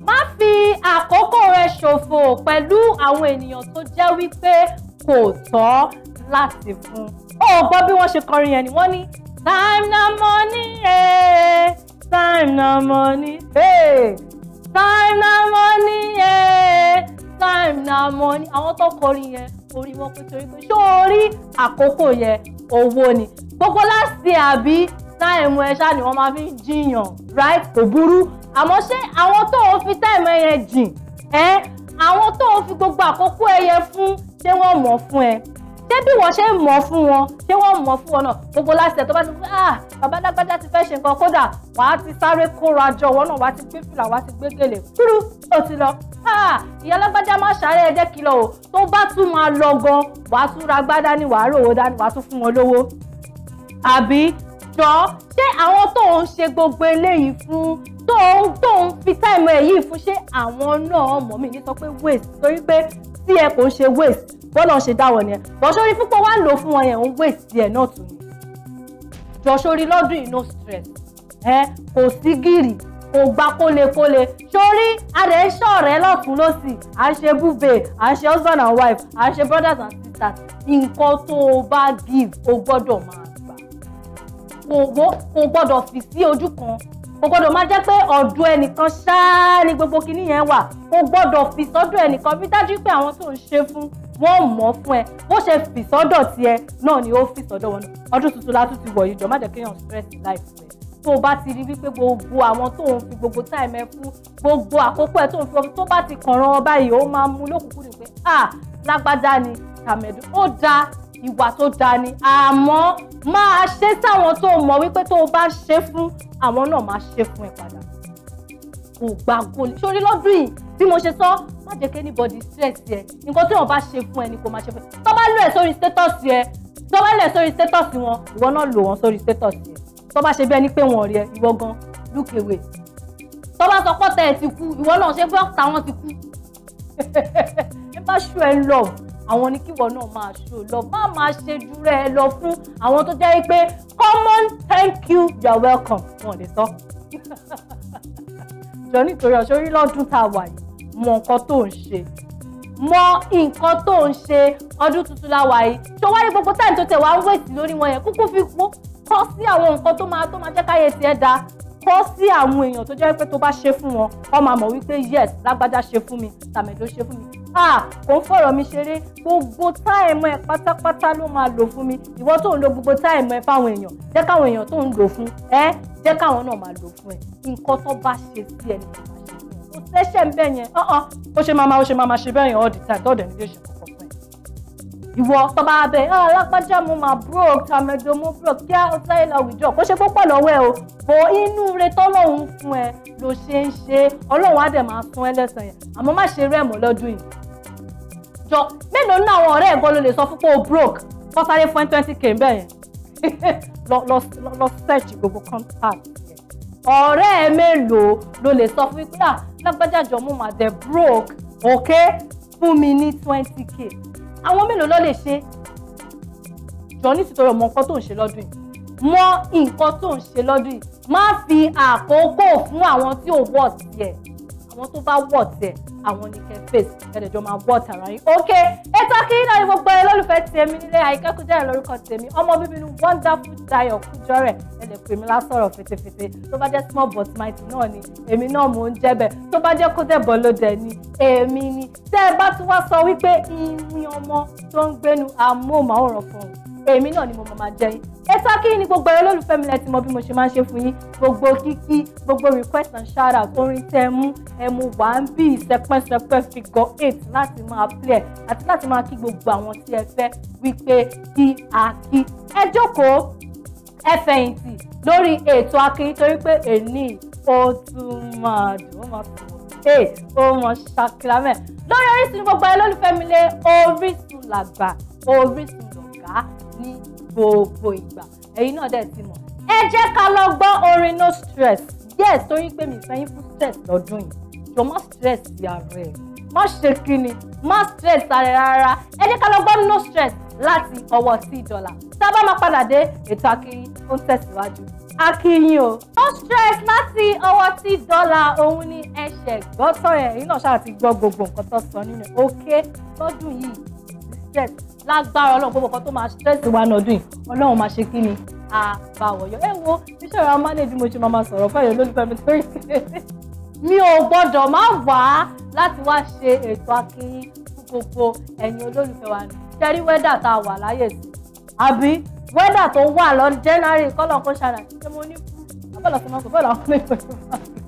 má fi àkókò rẹ ṣòfò pẹ̀lú àwọn ènìyàn tó jẹ́ wípé kò tọ́ láti fún ó gbọ́ bí wọ́n ṣe kọrin yẹn ni wọ́n ní time na money eh, time na money eh, time na money eh, time na money àwọn tó kọrin yẹn orí wọn pé torí pé ṣó orí àkókò yẹn owó ni gbogbo láti àbí táìmù ẹ ṣáà ni wọ́n máa fi jiyàn right kò burú àmọ́ ṣé àwọn tó ń fi táìmù ẹ yẹn jìn ẹ àwọn tó ń fi gbogbo àkókò ẹ yẹn fún ṣé wọ́n mọ̀ fún ẹ ṣé bí wọ́n ṣe ń mọ̀ fún wọn ṣé wọ́n mọ̀ fún wọn náà gbogbo láti tó bá ti ah bàbá dágbájá ti fẹ́ ṣe nǹkan kódà wà á ti sáré kóra jọ wọn náà wà á ti gbé fìlà wà á ti gbé gèlè kúrú ó ti lọ ah ìyá lágbájá má ṣàárẹ̀ ẹ jẹ́ kí lọ o tó bá tún máa lọ gan wà á tún ra gbádá ní wàá rò ó dání wà á tún fún wọn lówó àbí jọ ṣé àwọn tó ń ṣe gbogbo eléyìí fún tó ń tó ń fi táìmù ẹ̀ yìí fún ṣé àwọn náà mọ̀ mí ní sọ pé waste torí pé tí ẹ kò ń ṣe waste bọ́lá ń ṣe dáwọ̀ nìyẹn bọ́sọ́rí púpọ̀ wá ń lò fún wọn yẹn ń waste díẹ̀ náà tù ní jọ̀ṣorí lọ́dún yìí no stress ẹ kò sí gírì kò gba kólekóle sórí adẹ̀ ń ṣọ̀rẹ́ lọ́tún lọ́sì à ń ṣe búbe à ń ṣe husband and wife à ń ṣe brothers and sisters nǹkan tó o bá give o gbọ́dọ̀ máa kò gbọ́dọ̀ fi sí ojú kan kò gbọ́dọ̀ máa jẹ́ pé ọ̀dọ̀ ẹnìkan ṣáá ni gbogbo kinní yẹn wà kò gbọ́dọ̀ fi sọ́dọ̀ ẹnìkan bí dájú pé àwọn tó ń ṣe fún wọn mọ̀ fún ẹ bó ṣe fi sọ́dọ̀ tiẹ̀ náà ni ó fi sọ́dọ̀ wọn ọdún tuntun látún ti wọ̀ yìí jọ má jẹ́ kéèyàn stress life rẹ̀ tó bá ti rí wípé gbogbo àwọn tó ń fi gbogbo time ẹ fún gbogbo àkókò ẹ tó ń fi ọmọ tó bá ti kàn rán ọ báyìí ó máa mú lókùnkùn ní pé ah lágbájá ni tàmẹ̀dù ó dáa ìwà tó dáa ni àmọ́ máa ṣe sáwọn tó mọ̀ wípé tó o bá ṣe fún àwọn náà máa ṣe fún ẹ padà kò gba góòlù sórí lọ́dún yìí bí mo ṣe sọ má jẹ́ kí anybody stress yẹ nǹkan tí wọ́n bá ṣe fún ẹ ni kò máa ṣe fún ẹ tó bá lù ẹ sórí status yẹ tó bá lù ẹ sórí status wọn ìwọ náà lò wọn sórí status yẹ tó bá ṣe bí ẹni pé wọn ò rí ẹ ìwọ gan lùkèwé tó bá sọ pọ́tà ẹ ti kú ìwọ náà ṣe bọ́ọ̀tà wọn ti kú ẹ bá ṣù ẹ lọ àwọn ni kíwọ náà máa ṣó lọ má máa ṣe dúró ẹ lọ fún àwọn tó jẹ́ pé common thank you you are welcome wọn lè sọ. jọ nítorí ọ̀ṣọ́ orí lọ́dún tá a wà yìí mọ nǹkan tó ń ṣe mọ nǹkan tó ń ṣe ọdún tuntun la wà yìí tó wá ní gbogbo táyì tó tẹ̀ wá ń wèsì lórí wọn yẹn kúkú fi kú kọ́ sí àwọn nǹkan tó máa tó máa jẹ́ káyé tiẹ̀ dáa kọ́ sí àwọn èèyàn tó jẹ́ pé tó bá ṣe fún wọn wọ́n máa mọ̀ wípé yes lágbájá ṣe fún mi tàmẹ̀dó ṣe fún mi ah kò ń fọ̀rọ̀ mi ṣeré gbogbo táìmù ẹ pátápátá ló máa lò fún mi ìwọ tó ń lo gbogbo táìmù ẹ fáwọn èèyàn jẹ́ káwọn èèyàn tó ń lò fún ẹ jẹ́ káwọn náà máa lò fún ẹ nǹkan tó bá ṣe sí ẹ nìkan máa ṣe kò sẹ́sẹ̀ ń bẹ̀ yẹn ó ṣe máa ó ṣe máa ṣe bẹ́ẹ̀ yẹn all the time tọ́ọ̀dẹ̀ nílé ìṣẹ̀ kọ̀ọ̀kan fún ẹ ìwọ tọba abẹ ah alápájá mo máa broke tàmẹjọ mo broke kí á sáyé lọ wìjọ kó ṣe púpọ̀ lọ́wọ́ ẹ o bò inú re tọ́lọ́hún fún ẹ ló ṣe ń ṣe ọlọ́run á dẹ̀ máa fún ẹ lẹ́sàn-án yẹn àmọ́ má ṣe rẹ́ẹ̀mọ́ lọ́dún yìí jọ mélòó nínú àwọn ọ̀rẹ́ ẹ̀gbọ́n ló lè sọ fún pé o broke kọ́ sáré fún twenty k bẹ́ẹ̀ yẹn lọ search gbogbo contact ọ̀rẹ́ ẹ mélòó ló lè sọ fún pé ah, lágbájá jọ mo máa dẹ̀ broke ok fún mi ní twenty k àwọn mélòó ló lè ṣe jọ nítorí ọmọ nǹkan tó ń ṣe lọ́dún yìí mọ nǹkan tó ń ṣe lọ́dún yìí má fi àkókò fún àwọn tí ò wọ̀ tiẹ̀ àwọn tó bá wọ̀ tiẹ̀ àwọn nìkẹ́ face ẹ̀ẹ́dẹ̀jọ máa wọ́ tàrà yín. ok ètò akínyìn náà ni gbogbo ẹ lólùfẹ́ tèmi nílé àyíká Kújọrẹ̀ lórúkọ tèmi ọmọ bíbí inú wonderful Dayọ̀ Kújọrẹ̀ ẹ lè pè mí lásọ̀rọ̀ fetefete tó bá jẹ́ small but mighty náà ni èmi náà mò ń jẹ́ bẹ́ẹ̀ tó bá jẹ́ kó dẹ̀bọ̀ ló dẹ̀ ni èmi ni tẹ́ ẹ bá tún wá sọ wípé ìyìn ọmọ tó ń gbénu amóhùnmáwòrán fún un èmi náà ni mo máa jẹ́ yín ètò akínyìn ni gbogbo ẹ̀rọ olólùfẹ́ mi lẹ́tí mọ bí mo ṣe máa ń ṣe fún yín gbogbo kíkí gbogbo request and shout out orin tẹ mú ẹmu wà ń bí ìsẹpẹ́sẹpẹ́ figure eight láti máa play àti láti máa kí gbogbo àwọn tí ẹ fẹ́ wípé kí a kí ẹ jókòó ẹ fẹ̀yìntì lórí ètò akínyìn torí pé èní ó tún máa dùn ó máa tún wọ́n ee o mọ ṣàkìlámẹ lórí Orísun gbogbo ẹ lólùfẹ́ mi lé Orísun làgbà Orísun lọ̀gá ní gbogbo ìgbà ẹ̀yin náà dẹ̀ ti mọ̀ ẹ jẹ́ ká lọ gbọ́ orin no stress yes torí pé mi fẹ́ yín fún stress lọ́dún yìí jọ má stress yàrá ẹ̀ má ṣe kíni má stress ara rárá ẹ jẹ́ ká lọ gbọ́ no stress láti ọwọ́ sí ìdọ́là tá a bá máa padà dé ètò akiri ó ń tẹ̀síwájú akíyìn o. no stress láti ọwọ́ sí dọ́là òun ni ẹ̀ṣẹ̀ gbọ́tọ̀ ẹ̀ yìí náà ṣáà ti gbọ́ gbogbo nǹkan tó sọ nínú òkè lọ́dún yìí stress lágbára ọlọ́run gbogbo kan tó máa stress wa nọdún yìí ọlọ́run máa ṣe kí ni àbáwọ̀yọ ẹ wo iṣẹ́ ìran manage mo ṣe máa ma sọ̀rọ̀ fẹ́yọ̀ lólùfẹ́ mi torí mi ò gbọ́dọ̀ má wà á láti wá ṣe ètò akínyìn fún gbogbo ẹ̀yin olólùfẹ́ wa ni ṣẹ́rí wẹ́dà tá a wà láyè sí àbí wẹ́dà tó wà lọ January kọ́lọ̀ kó ṣàlàyé ṣé mo ní fún abẹ́lẹ̀ sọmọ́kọ̀ bẹ́ẹ̀ làwọn ọmọ ìgbà tó wà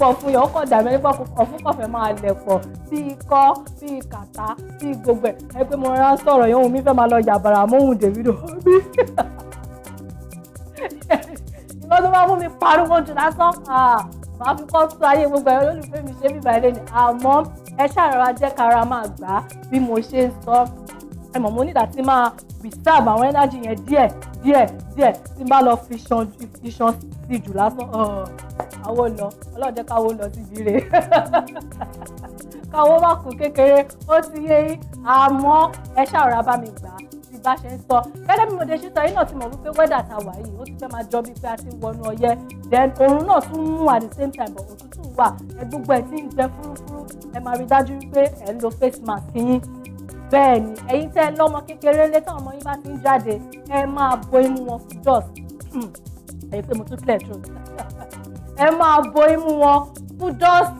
pọ̀fù yẹn ó kàn dà mí nípa pọ̀fù kọ̀fẹ́ máa lẹ̀ pọ̀ bí ikọ́ bí kàtá bí gbogbo ẹ̀ ẹ pé mo rán sọ̀rọ̀ yẹn òun mi fẹ́ máa lọ yàbàrà mọ́hùn Davido mi ìwọ tó bá mú mi pariwo jù lásán màá fi kọ́ sọ ayé gbogbo ẹ̀rọ lólùfẹ́ mi ṣe bíbá ilé ni àmọ́ ẹ ṣàrọ̀ra jẹ́ kára máa gbà bí mo ṣe ń sọ ẹ mọ̀ mo nígbà tí máa reserve àwọn energy yẹn díẹ̀ díẹ̀ díẹ̀ tí n bá lọ fi ṣan fi ṣan sí jù lásán àwo lọ ọlọ́run jẹ́ káwo lọ síbi rẹ̀ káwo má kú kékeré ó ti yé yín àmọ́ ẹ ṣàrà bá mi gbà á bí bá ṣe ń sọ gẹ́gẹ́ bí mo dé ṣe sọ yín náà ti mọ̀ wípé wẹ́dà ta wà yìí ó ti fẹ́ máa jọ bíi pé a ti wọnú ọyẹ́ then òun náà tún mú at the same time but òtútù wà ẹ gbogbo ẹ ti ń jẹ fúrúfúrú ẹ máa rí dájú wípé ẹ ń lo face mask yín bẹ́ẹ̀ ni ẹ̀yin tẹ́ ẹ lọ́mọ kékeré lé táwọn ọmọ yín bá ti ń jáde ẹ máa bo imú wọn fún dust hmm, ẹ̀yin pé mo tún clear throat ẹ máa bo imú wọn fún dust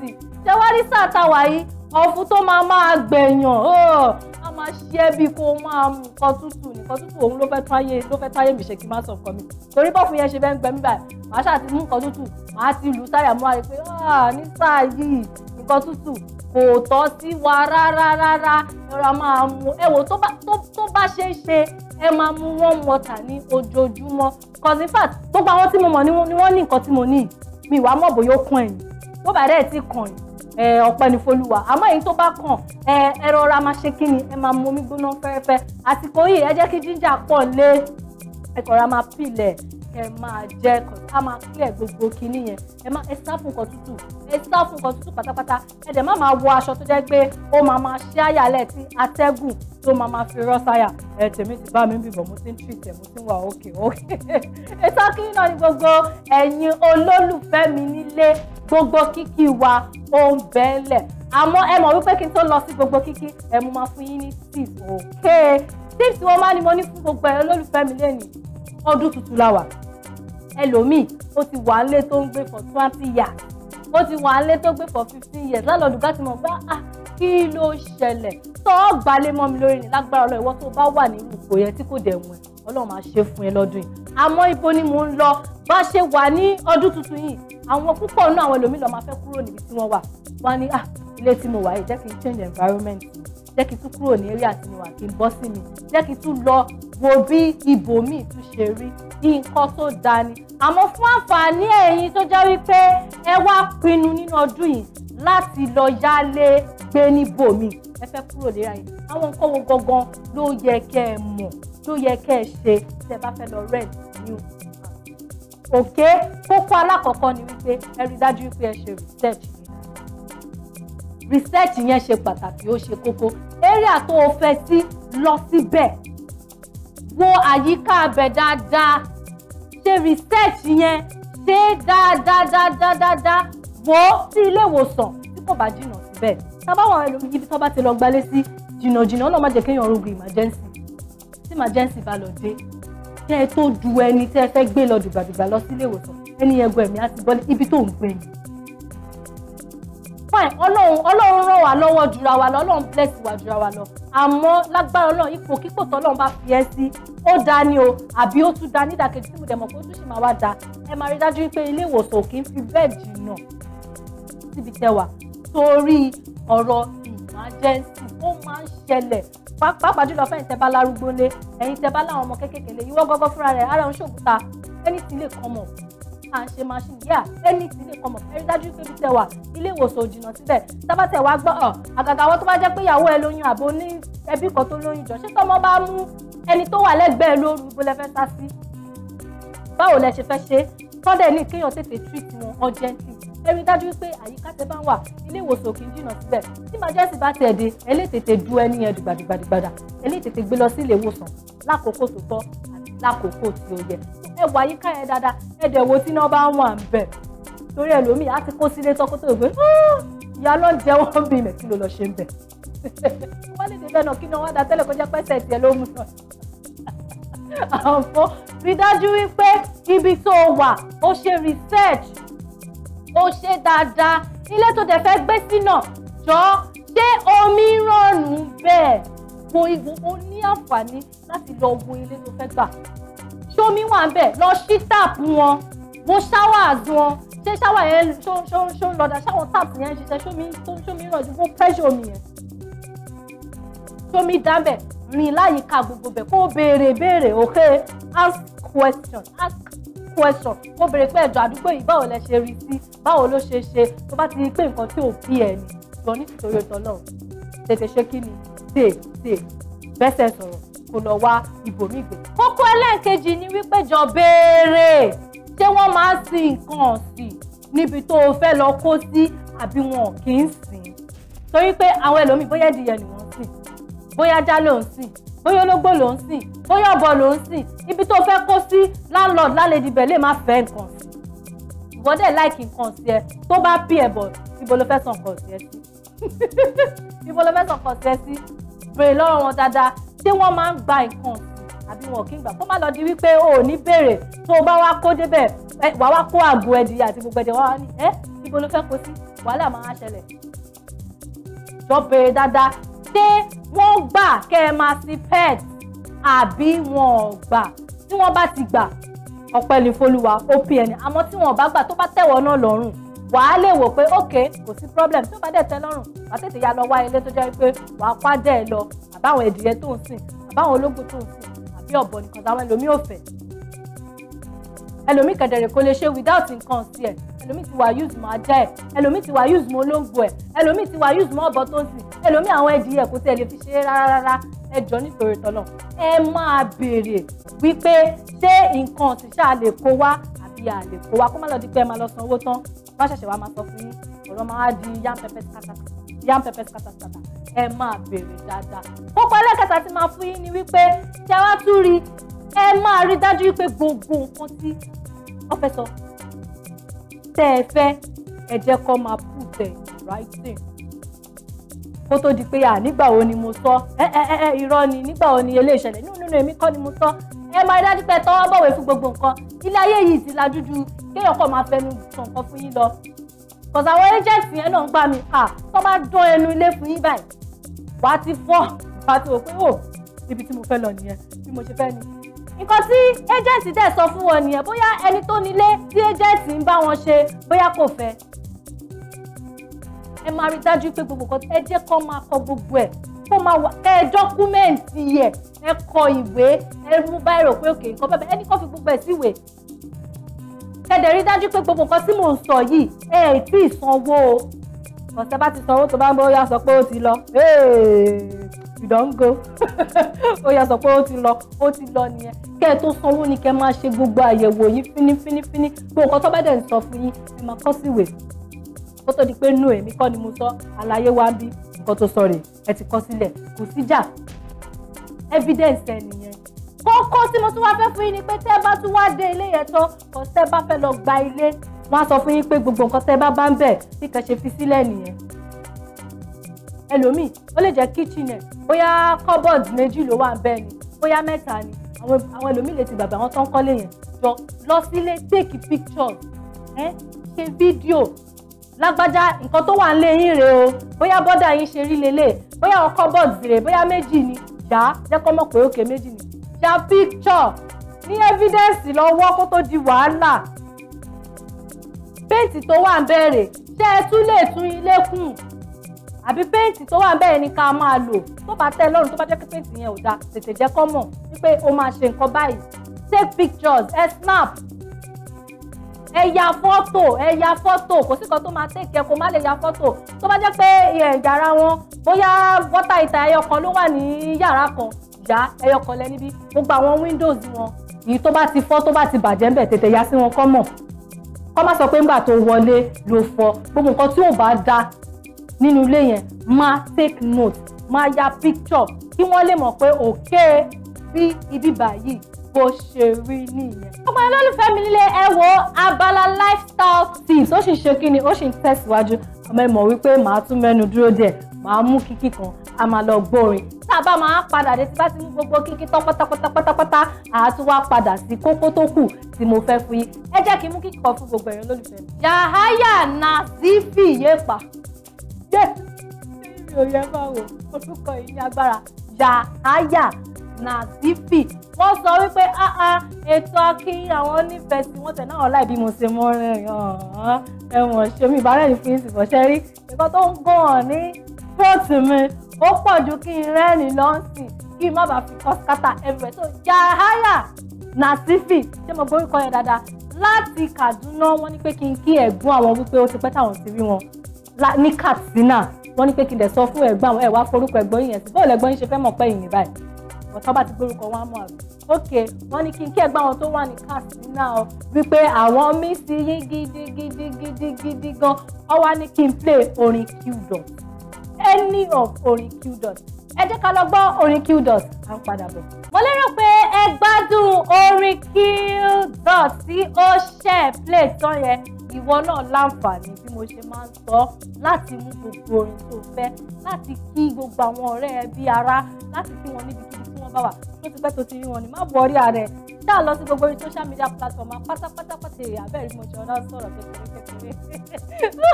ṣé wá rí sáà táwa yìí ọ̀fun tó máa máa gbẹ̀yàn oh, a máa ṣiẹ́ bí kó máa mú nǹkan tútù nǹkan tútù òun ló fẹ́ táyé ló fẹ́ táyé mi ṣe kí n má sọ nǹkan mi torí bọ́ọ̀fù yẹn ṣe fẹ́ ń gbẹ mí báyìí màá ṣáà ti mú nǹkan tútù màá ti lù sáyà mọ́ àyè pé ah, ní sáà yìí nǹkan tútù kò tọ́ sí wa rárá rárá ẹ̀rọ a máa mu ẹ wò tó bá ṣe é ṣe ẹ máa mu one water ní ojoojúmọ́ cause in fact gbogbo àwọn tí mo mọ̀ ni wọ́n ní nǹkan tí mo ní mi ìwà mọ̀ bóyá ó kàn yín tó bá dẹ̀ ti kàn yín ọpẹ́ ní folúwa àmọ́ èyí tó bá kàn ẹ rọra máa ṣe kí ni ẹ máa mu omi gbóná fẹ́rẹ́fẹ́ àsìkò yìí ẹ jẹ́ kí ginger pọ̀ lé ẹ kọ̀ra máa pilẹ̀ ẹ máa jẹ ká máa clear gbogbo kinní yẹn ẹ má ẹ sá nǹkan tútù ẹ sá nǹkan tútù pátápátá ẹ dẹ̀ má máa wọ aṣọ tó jẹ́ pé ó máa máa ṣe àyàlẹ̀ tí atẹ́gùn tó máa ma fi rọ́ṣáyà ẹ tèmi ti bá mi bìbọ̀ mo ti ń tì tẹ̀ mo ti ń wà òkè òkè. ètò akínyìn náà ni gbogbo ẹ̀yin olólùfẹ́ mi nílé gbogbo kíkí wa ó ń bẹ́ẹ̀lẹ̀ àmọ́ ẹ mọ̀ wípé kí n tó lọ sí gbogbo kíkí ẹ mo máa fún yín ní tips òkè tips wọn máa ni mo ní fún gbogbo ẹ olólùfẹ́ mi lẹ́nu ọdún tuntun la wà ẹlòmíì ó ti wà nílé tó ń gbé for twenty years ó ti wà nílé tó gbé for fifteen years lálọ́dún bá ti mọ̀ pé ah kí ló ṣẹlẹ̀ tọ́ gbalẹ̀ mọ́ mi lórí ni lágbára ọlọ́ ìwọ tó bá wà nínú ipò yẹn tí kò dẹ̀ wọ̀n ọlọ́run máa ṣe fún ẹ lọ́dún yìí àmọ́ ibo ni mò ń lọ bá ṣe wà ní ọdún tuntun yìí àwọn púpọ̀ náà àwọn ẹlòmíì ló máa fẹ́ kúrò níbi tí wọ́n wà wọ́n ní ah ilé tí mo wà yìí jẹ́ kí n change environment jẹ́ kí n tún kúrò ní area tí mo wà kí n bọ́ sí mi jẹ́ kí n tún lọ wo bí ibòmíì tún ṣe rí nǹkan tó dáa ni àmọ́ fún àǹfààní ẹ̀yin tó jẹ́ wípé ẹ wá pinnu nínú ọdún yìí láti lọ yálé gbé níbòmíì ẹ fẹ́ kúrò léra yìí àwọn nǹkan wo gangan ló yẹ kẹ́ ẹ mọ̀ ló yẹ kẹ́ ẹ ṣe tẹ́ bá fẹ́ lọ rent new òkè kókó alákọ̀ọ́kọ́ ni wípé ẹ rí dájú wípé ẹ ṣe research research yẹn ṣe pàtàkì ó ṣe kókó area tó o fẹ́ sí lọ síbẹ̀ wo àyíká abẹ dáadáa ṣe research yẹn ṣe dáadáa dáadáa dáadáa wo sí ilé ìwòsàn tí kò bá jìnnà síbẹ̀ tábà wà ibi tó bá ti lọ gbalé sí jìnnà jìnnà ọ̀nà má jẹ́ kéèyàn rògbò emergency tí emergency bá lọ dé kẹ́ ẹ tó ju ẹni tẹ́ ẹ fẹ́ gbé lọ dùgbàdùgbà lọ sílé ìwòsàn ẹni yẹn gbọ́ ẹ̀mí á ti bọ́lé ibi tó ń gbé yìí. fine ọlọ́run ọlọ́run ràn wá lọ́wọ́ jura wa lọ ọlọ́run bless wa jura wa lọ àmọ́ lágbára ọlọ́run ipò kíkò tọ́lọ́run bá fi ẹ́ sí ó da ni o àbí ó tún da nídàkejì tí mo dẹ̀ mọ̀ pé ó tún ṣì máa wá da ẹ máa rí dájú pé ilé ìwòsàn ò kì í fi bẹ́ẹ̀ jìnnà síbi tẹ́ torí ọ̀rọ̀ emergency ó máa ń ṣẹlẹ̀ pàápàá jùlọ fẹ́yìn tẹ́ bá lárúgbó lé ẹ̀yin tẹ́ bá láwọn ọmọ kéékèèké lé ìwọ gọ́gọ́ fúnra rẹ̀ ara ń ṣòkúta ẹni tí lè kàn mọ̀ à ń ṣe machine yá ẹni tí lè kàn mọ̀ ẹ̀rí dájú pé bí tẹ́ wà ilé ìwòsàn òjìnà síbẹ̀ tábà tẹ́ wá gbọ́ ọ̀ àgàgà àwọn tó bá jẹ́ pé ìyàwó ẹ lóyún àbò ní ẹbí kan tó lóyún jọ ṣé tọ́mọ bá mú ẹni tó wà lẹ́gbẹ̀ẹ́ lóru ibo lẹ fẹ́ sá sí báwo lẹ ṣe fẹ́ ṣe tọ́dẹ̀ ní kéèyàn tètè treat wọn urgently ẹ rí dájú pé àyíká tẹ bá ń wà ilé ìwòsàn kì í jìnnà síbẹ̀ tí emergency bá tẹ̀ dé ẹ lè tètè du ẹni yẹn dùgbàdùgbàdùgbàdà ẹ lè tètè gbé lọ sí ilé ìwòsàn lákòókò tó tọ́ àti lákòókò tí ó yẹ ẹ wà àyíká yẹn dáadáa ẹ dẹ̀ wo tí iná bá ń wà ń bẹ̀ torí ẹlòmíì á ti kó sílé tọkọtò ìgbé ìyá ló ń jẹ wọn bí ilẹ̀ kí ló lọ ṣe ń bẹ̀ wọ́n lè dé bẹ́ẹ̀ náà kí ni wọ́n á da tẹ́lẹ̀ kọjá pẹ́sẹ̀ tiẹ̀ ló mú náà àwọn rí dájú wípé research ó ṣe dáadáa ilé tó dẹ̀ fẹ́ gbé sí náà jọ ṣé omi rọrùn bẹ́ẹ̀ wo ìwò o ní àǹfààní láti lọ wo ilé tó fẹ́ gbà ṣé omi wà ń bẹ̀ lọ ṣí táàpù wọn wo showers wọn ṣé shower yẹn ṣó ṣó ṣó ń lọ́dà shower táàpù yẹn ṣiṣẹ́ ṣómi ṣómi rọ̀ ju fún pressure omi yẹn ṣómi dábẹ̀ rìn láyìíká gbogbo bẹ̀ kó o béèrè béèrè okay ask question ask question mo béèrè pé ẹ̀jọ̀ àdúgbò yìí báwo lẹ ṣe rí sí báwo ló ṣe ṣe tó bá ti ní pé nǹkan tí ò bí ẹ ni lọ ní ìtòrí ọjọ́ náà tètè ṣe kí ni tètè bẹ́sẹ̀ sọ̀rọ̀ kó lọ wá ibòmíì gbé. kókó ẹlẹ́ẹ̀kejì ni wípé jọ béèrè ṣé wọ́n máa ń sin nǹkan ọ̀sìn níbi tó o fẹ́ lọ kó sí àbí wọn kì í sìn torí pé àwọn ẹlòmíì bóyá ẹdìyẹ ni wọ́n sìn bóyá ajá ló sìn bóyá ológbò ló ń sìn bóyá ọ̀bọ ló ń sìn ibi tó fẹ́ kó sí landlord lálejibẹ̀ lè má fẹ́ nǹkan sí ìwọ dẹ̀ láìkì nǹkan sí ẹ tó bá pì ẹ̀ bọ̀ ibo ló fẹ́ sàn kàn sí ẹ sí ibo ló fẹ́ sàn kàn sí ẹ sí bèrè lọ́rọ̀ wọn dáadáa ṣé wọ́n máa ń gba nǹkan sí àbí wọn kì í gbà kó má lọ di wípé o ò ní béèrè tó o bá wá kó débẹ̀ wà wá kó àgbo ẹ̀dìyà àti gbogbo ẹ̀dìyà wà wá ní ẹ ibo ló fẹ́ kó sí wàhálà máa ń ṣẹlẹ̀ jọ bèrè dáadáa ṣé wọ́n gbà kẹ́ ẹ máa sin pet àbí wọn ò gbà tí wọ́n bá ti gbà ọpẹ́ ní folúwa opn àmọ́ tí wọn bá gbà tó bá tẹ̀wọ́ náà lọ́rùn wàá lè wò pé ok kò sí problem tó bá dẹ̀ tẹ́ lọ́rùn wàá tètè ya lọ wá ilé tó jẹ́ pé wàá pàdé ẹ lọ àbáwọn ẹ̀dìyẹ tó ń sìn àbáwọn ológun tó ń sìn àbí ọ̀bọ nìkan táwọn ẹlòmíì ò fẹ́ ẹlòmíì kò lè ṣe without nǹkan sí ẹ̀ ẹlòmíì ti wà use mọ ajá ẹ̀ ẹlòmíì ti wà use mọ olóńgbò ẹ̀ ẹlòmíì ti wà use mọ ọ̀bọ tó ń sìn ẹlòmíì àwọn ẹdì ẹ̀ kò tẹ̀ lè fi ṣe é rárá rárá ẹ jọ nítorí tọ́lọ̀ ẹ máa béèrè wípé ṣé nǹkan ọ̀sìn ṣáà lè kó wá àbí à lè kó wá kó má lọ di pé ẹ máa lọ san owó tán bá ṣẹ̀ṣẹ̀ wá máa sọ fún ọ̀rọ̀ máa di yam pepper scatter ẹ máa béèrè dáadáa kópa ẹlẹ́kẹta ti máa fún yín ni wípé ṣé wàá tún rí ẹ máa rí dájú wípé gbogbo nǹkan tí wọ́n fẹ́ sọ tẹ́ ẹ fẹ́ ẹ jẹ́ kó máa put ẹ̀ writing kó tó di pé à nígbà wo ni mo sọ ẹ ẹ ẹ irọ́ ni nígbà wo ni eléyìí ṣẹlẹ̀ nínú nínú èmi kọ́ ni mo sọ ẹ máa rí dájú pé tọwọ́ bọ̀wé fún gbogbo nǹkan ilé ayé yìí ti la dúdú kéèyàn kọ́ máa fẹnu sọ nǹkan fún yín lọ kọ̀sà àwọn agent yẹn náà ń gbà mí à tó bá dán ẹnu ilé fún yín báyìí wàá ti fọ́ wàá ti wò pé ó oh, ibi tí mo fẹ́ lọ nìyẹn bí mo ṣe fẹ́ ni nǹkan tí agent dẹ̀ sọ fún wọn nìyẹn bóyá ẹni tó nílé tí agent ń bá wọn ṣe bóyá kò fẹ́ ẹ máa rí dájú pé gbogbo kan ẹ jẹ́ kó máa kọ gbogbo ẹ̀ kó máa wà kẹ́ ẹ dọ́kúmẹ̀ǹtì yẹ̀ ẹ kọ ìwé ẹ mú báyìí pé òkè nǹkan bẹ́ẹ̀ ẹnì kan fi gbogbo ẹ̀ síwèé kẹ́dẹ̀ rí dájú pé gbogbo nǹkan tí mò ń sọ yìí ẹ ẹ̀ tí ì sanwó ọ̀sẹ̀ bá ti sanwó tó bá ń bóyá sọ pé ó ti lọ you don go ó yá sọ pé ó ti lọ ó ti lọ nìyẹn kẹ́ ẹ tó sanwó ni kẹ́ ẹ máa ṣe gbogbo àyẹ̀wò yìí fínífínífíní gbogbo nǹkan tó bá dẹ̀ ń sọ fún yín ẹ máa kọ síwèé kó tó di pé nù èmi kọ́ ni mo sọ àlàyé wa ń bí nǹkan tó sọ rèé ẹ ti kọ sílẹ̀ kò síjà evidence ẹ nìyẹn kókó tí mo tún wá fẹ́ fún yín ni pé tẹ́ ẹ bá tún wá dé ilé yẹn tán kò tẹ́ ẹ bá fẹ́ lọ gba ilé wọ́n á sọ fún yín pé gbogbo nǹkan tẹ́ ẹ bá bá ń bẹ̀ tí ṣe fi sílẹ̀ nìyẹn ẹlòmíì ó lè jẹ́ kitchen ẹ̀ bóyá cupboard méjì ló wà bẹ́ẹ̀ ni bóyá mẹ́ta ni àwọn ẹlòmíì lè ti gbàgbé àwọn tó ń kọ́lé yẹn jọ lọ sílé take pictures ẹ ṣe fídíò lágbájá nǹkan tó wà ń lé yín rèé o bóyá bọ́dà yín ṣe rí lélẹ̀ bóyá àwọn cupboard rèé bóyá méjì ni dá jẹ́ kọ́ mọ̀ pé òkè méjì ni ya picture ní evidence lọ́wọ́ kó tó di wàhálà paint tó wà ń bẹ̀rẹ̀ ṣé ẹ tún lè tún ilé kùn àbí péǹtì tó wà bẹ́ẹ̀ ni ká máa lò tó bá tẹ́ lọ́rùn tó bá jẹ́ pé péǹtì yẹn ò dáa tètè jẹ́ kọ́ mọ̀ wípé o máa ṣe nǹkan báyìí take pictures ẹ snap ẹ ya fọ́tò ẹ ya fọ́tò kò sí kan tó máa take care kó má lè ya fọ́tò tó bá jẹ́ pé yàrá wọn bóyá wọ́tà ìta ẹyọ kan ló wà ní yàrá kan ìyá ẹyọ lẹ níbí gbogbo àwọn windows wọn èyí tó bá ti fọ́ tó bá ti bàjẹ́ ń bẹ̀ tètè ya sí wọn kọ́ mọ̀ kọ́ má sọ pé ńgbà tó wọlé ló fọ gbogbo nǹkan tí ò bá da nínú ilé yẹn máa take note máa ya picture kí wọ́n lè mọ̀ pé òkè bí ibi báyìí bó ṣe rí nìyẹn. ọmọ olólùfẹ́ mi nílé ẹ wo abala lifestyle tips ó sì ṣe kí ni ó sì ń tẹ̀síwájú ọmọ ẹ mọ̀ wípé màá tún mẹ́nu dúró díẹ̀ màá mú kíkí kan a máa lọ gbórin tá a bá máa padà dé tí bá ti mú gbogbo kíkí tán pátápátápátápátá àá tún wá padà sí kókó tó kù tí mo fẹ́ fún yín ẹ jẹ́ kí n mú kíkí kan fún gbogbo ẹ̀yàn olólùfẹ́ mi. Yahaya Nazifi Yepa yé mi ò yẹ máa wò orúkọ yìí ní agbára Yahaya Nazifi wọ́n sọ wípé ah, ah, ètò akin àwọn onífẹ̀ẹ́ tí wọ́n tẹ̀ náà láì bí mo ṣe mọ́ rìn ẹ̀wọ̀n ṣe mi ìbára ẹ̀yìn fún ìsìnkọ̀ ṣe rí nǹkan tó ń gàn án ní fóòtù mi ó pọ̀ ju kí n rẹ́rìn lọ́sìn kí n má bàa fi kọ́ skátà everywhere so Yahaya Nazifi ṣé mo gbórúkọ yẹn dáadáa láti Kaduna wọ́n ní pé kí n kí ẹ̀gbọ́n àwọn wípé ó ti pẹ́ táwọn ti rí wọn ní Katsina wọ́n ní pé kí n dẹ̀ sọ fún ẹ̀gbọ́n àwọn ẹ̀ wá forúkọ ẹ̀gbọ́n yìí yẹn sí bóòlù ẹ̀gbọ́n yìí ṣe fẹ́ mọ̀ pé yìí báyìí ọ̀tá bá ti gbórúkọ wọn mọ̀ àbí ok wọ́n ní kí n kí ẹ̀gbọ́n àwọn tó wà ní Katsina o wípé àwọn mísì yín gidigidigidi gan ọ wá ní kí n play orin qdot any of orin qdot ẹ jẹ́ ká lọ gbọ́ orin qdot à ń padà bọ̀. mo lérò pé ẹ gbádùn orin qdot tí ó ṣẹ̀ play tán yẹn ìwọ náà láǹfààní bí mo ṣe máa ń sọ láti mú gbogbo orin tó fẹ́ láti kí gbogbo àwọn ọ̀rẹ́ ẹbí ara láti kí wọn níbi kí wọ́n bá wà kí n ti pẹ́ tó ti rí wọn ni má bọ̀ rí ààrẹ ṣáà lọ sí gbogbo orí social media platform pátápátá pàtẹ àbẹ́rẹ́ mo jọra sọ̀rọ̀ kékeré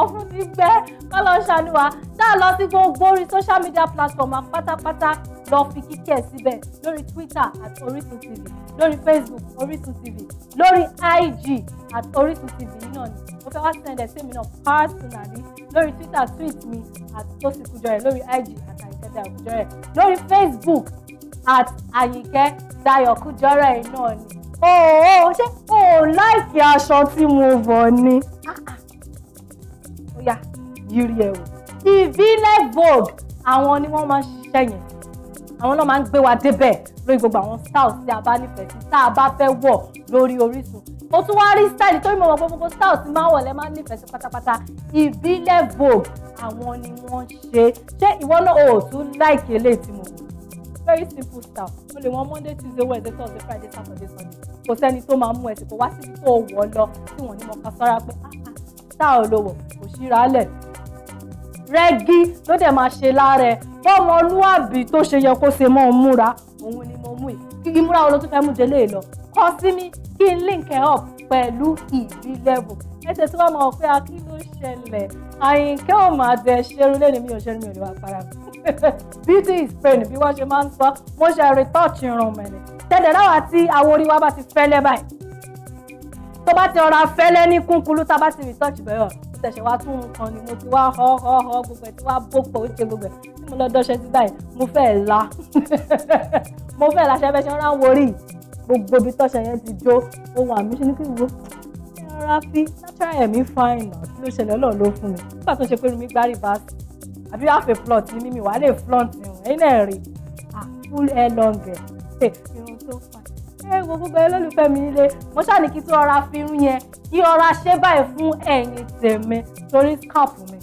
ọ̀fun ti gbẹ kọ́lọ́ ṣàánú wa ṣáà lọ sí gbogbo social media platform pátápátá lọ fi kíkẹ́ síbẹ̀ lórí Twitter àti Orísun TV lórí Facebook Orísun TV lórí IG àti Orísun TV náà ni mo fẹ́ wá sẹ́ndẹ̀ sí mi náà personally lórí Twitter tweet mi àti tó sì kújọ rẹ̀ lórí IG àti àìkẹ́tẹ̀ àkújọ rẹ̀ lórí Facebook at ayike dayọ̀ kújọ́rẹ́ yìí náà ni ooo oh, oh, ṣé o ò láìkí aṣọ tí mo bọ̀ ni ó yiri ẹ̀ wò ìbílẹ̀ vogue àwọn ni wọ́n máa ń ṣiṣẹ́ yẹn àwọn náà máa ń gbé wa débẹ̀ lórí gbogbo àwọn styles tí a bá nífẹ̀ẹ́ sí tá a bá fẹ́ wọ̀ lórí Orísun mo tún wá rí style torí mo mọ̀ pé gbogbo styles tí máa ń wọ̀ lẹ́ máa ń nífẹ̀ẹ́ sí pátápátá ìbílẹ̀ vogue àwọn ni wọ́n ṣe ṣé ìwọ náà ò tún láìkí eléyìí tí mo wọ̀ very simple style o lè wọn monday tuesday wednesday thursday friday saturday sunday kò sẹ́ni tó máa mú ẹ̀sìn kò wá síbi tó wọ̀ lọ tí wọ́n ní mọ ká sọ́ra pé ah, ah, tá ò lò wọ̀ kò síra lẹ̀ rẹ́gí ló dẹ̀ máa ṣe lára ẹ̀ bọ́mọlúàbí tó ṣe yẹ kó ṣe mọ́ ọ múra òun ni mo mú yìí kí ìmúra wo ló tún fẹ́ mú jẹ e lọ kọ́ sí mi kí n link ẹ up pẹ̀lú ìdí level ẹ tètè wá mọ̀ pé a kí ló ṣẹlẹ̀ àyìnkẹ́ ò máa dẹ ṣerú lẹ́nu mi ò ṣerú mi ò lè wá para mi beauty is pain bí wọ́n ṣe máa ń sọ mo ṣe retouch irun mẹ́lẹ̀ tẹ̀lé láwa tí àwọn orí wa bá ti fẹ́lẹ́ báyìí tó bá ti ọ̀rọ̀ afẹ́lẹ́ ní kúnkúlú tá a bá ti retouch bẹ́ẹ̀ tẹ̀sẹ̀ wá tún nǹkan ni mo ti wá họ họ họ gbogbo ẹ̀ tí wá bópọ̀ ó ṣe gbogbo ẹ̀ tí mo lọ dọ́ṣẹ́ sí báyìí mo fẹ́ la mo fẹ́ la ṣẹ́fẹ́ ṣe rán worí gbogbo ibi tọ́ṣẹ yẹn ti jó ohun àmì ṣe ní kí n wo rárá fi natural ẹ̀mí fine kí ló ṣẹlẹ̀ ọlọ́run ló fún mi nígbà tó ṣe pé mi gbá rìbáàsì àbí wàá fẹ́ flaunt ní mímì wàá lè flaunt ìrùn ẹ̀yin náà rí full hair long hair irun tó fà ẹ wo gbogbo ẹ lólùfẹ́ mi nílé mo ṣàní kí tó ọra fi irun yẹn kí ọra ṣe báyìí fún ẹ̀yin tèmi torí scalp mi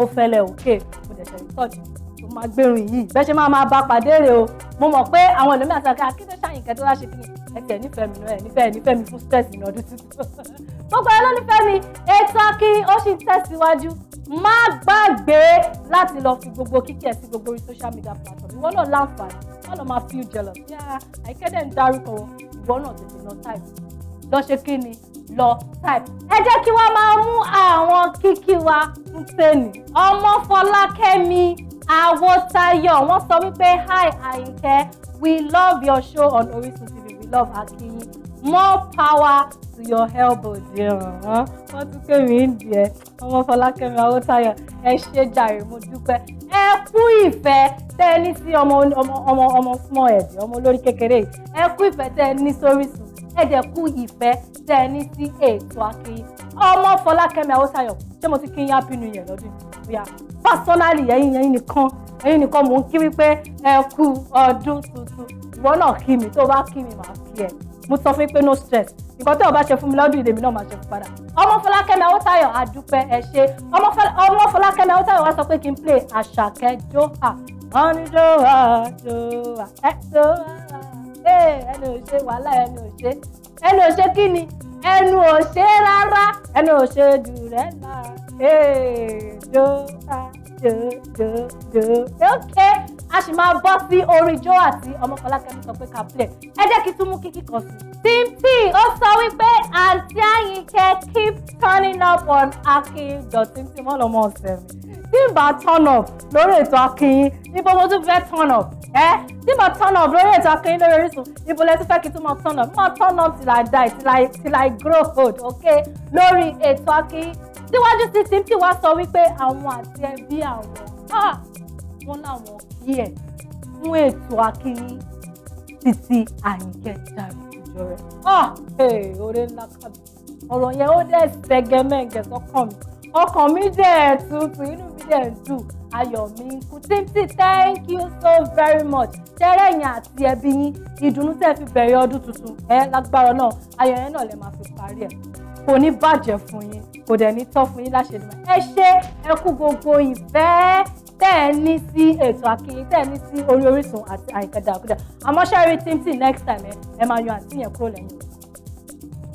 ó fẹ́lẹ́ òkè mo dẹ̀ ṣe ìtọ́jú máa gbẹrun yìí bẹ́ẹ̀ ṣe máa máa bá pàdé rè o mo mọ̀ pé àwọn ẹlòmíà sọ pé akíndé ṣàyìnkẹ́ tó wá ṣe kíni ẹ̀kẹ́ nífẹ̀ẹ́ mi náà ẹ̀ nífẹ̀ẹ́ nífẹ̀ẹ́ mi fún stress ní ọdún tuntun gbogbo ẹ ló nífẹ̀ẹ́ mi ètò Akiiyin ó sì ń tẹ̀síwájú má gbàgbé láti lọ fi gbogbo kíkì sí gbogbo orí social media platform ìwọ náà láǹfààní wọn lọ máa feel jealous yáa àìkédè ń dárúkọ ìwọ náà tètè lọ type lọ ṣe kí ni lọ type ẹ jẹ́ kí wọ́n máa mú àwọn kíkì wa ń tẹ̀lé ọmọ Fọlákẹ́mi Àwòtayọ̀ wọ́n sọ wípé hi Àyìnkẹ́ we love your show on Orisun TV we love Akiiyin more power to your elbow dear wọ́n tún kéwì ń di ẹ ọmọ Fọlákẹ́mi Àwòtayọ̀ ẹ ṣe jàre mo dúpẹ́ ẹ kú ìfẹ́ tẹ́ ní sí ọmọ ọmọ ọmọ ọmọ small ẹ̀dì ọmọ olórí kékeré ẹ kú ìfẹ́ tẹ́ ní sórísun ẹ̀dẹ̀kú ìfẹ́ tẹ́ ẹ ní sí ètò AkiiYin ọmọ Fọlákẹ́mi Awóṣàyọ̀ ṣé mo ti kí yín happy new year lọ́dún yìí personally ẹ̀yin ẹ̀yin nìkan ẹ̀yin nìkan mò ń kí wípé ẹ kú ọdún tuntun ìwọ náà kí mi tó bá kí mi màá kí ẹ mo sọ fún yín pé no stress nǹkan tí o bá ṣe fún mi lọ́dún ìdèmí náà máa ṣe fún padà ọmọ Fọlákẹ́mi Awóṣàyọ̀ àdúpẹ́ ẹ ṣe ọmọ Fọlákẹ́mi Awóṣàyọ̀ wá sọ pé kí n play Àṣàkẹ́ Joha ọ̀nì Joha Joha ẹ̀ Joha ẹnu ò ṣe wàhálà ẹnu ò ṣe ẹnu ò ṣe kí ni ẹnu ò ṣe rárá ẹnu ò ṣe jù rẹ là jó a jó jó jó ok a sì máa bọ́ sí orí jó àti ọmọkọlákẹ́mi sọ pé ká plẹ̀ ẹ jẹ́ kí tún mú kíkí kan sí. Timothy ó sọ wípé àǹtí àyìnkẹ́ keep turning up on akin.timothy mọ́lọ́mọ́ ọ̀sẹ̀ mi tí n bá turn up lórí ètò akin ní bó mo tún fẹ́ turn up ẹ eh? tí mo turn up lórí ètò akínyìn lórí Orísun ibo lẹ tún fẹ́ kí n mo turn up mo turn up till I die till I till I grow old ok lórí ètò akínyìn síwájú sí Simky wá sọ wípé àwọn àti ẹbí àwọn wọn làwọn kí ẹ fún ètò akínyìn títí Àyìnkẹ́ Dàrúkùjọ rẹ̀ ọ̀rẹ́ ńlá kábí ọ̀rọ̀ yẹn ó dẹ̀ sẹ́gẹ́mẹ́gẹ́ sọ́kàn mi ọkàn mi dẹ̀ tuntun inú mi dẹ̀ dùn ayọ̀ mi ń kú tíntì thank you so very much tẹ́rẹ̀ yín àti ẹbí yín ìdùnnú tẹ́ fi bẹ̀rẹ̀ ọdún tuntun ẹ lágbára náà ayọ̀ yẹn náà lè máa fi parí ẹ̀ kò ní bàjẹ́ fún yín kò dẹ̀ ní tọ́ fún yín láṣẹ ìdùnnú ẹ ṣé ẹ kú gbogbo ìfẹ́ tẹ́ ẹ ní sí ètò àkíyìn tẹ́ ẹ ní sí orí Orísun àti àyíkẹ́dà àkúdà àmọ́ ṣẹ́rí tíntì next time ẹ ẹ máa yan àǹtí yẹn kúrò lẹ́yìn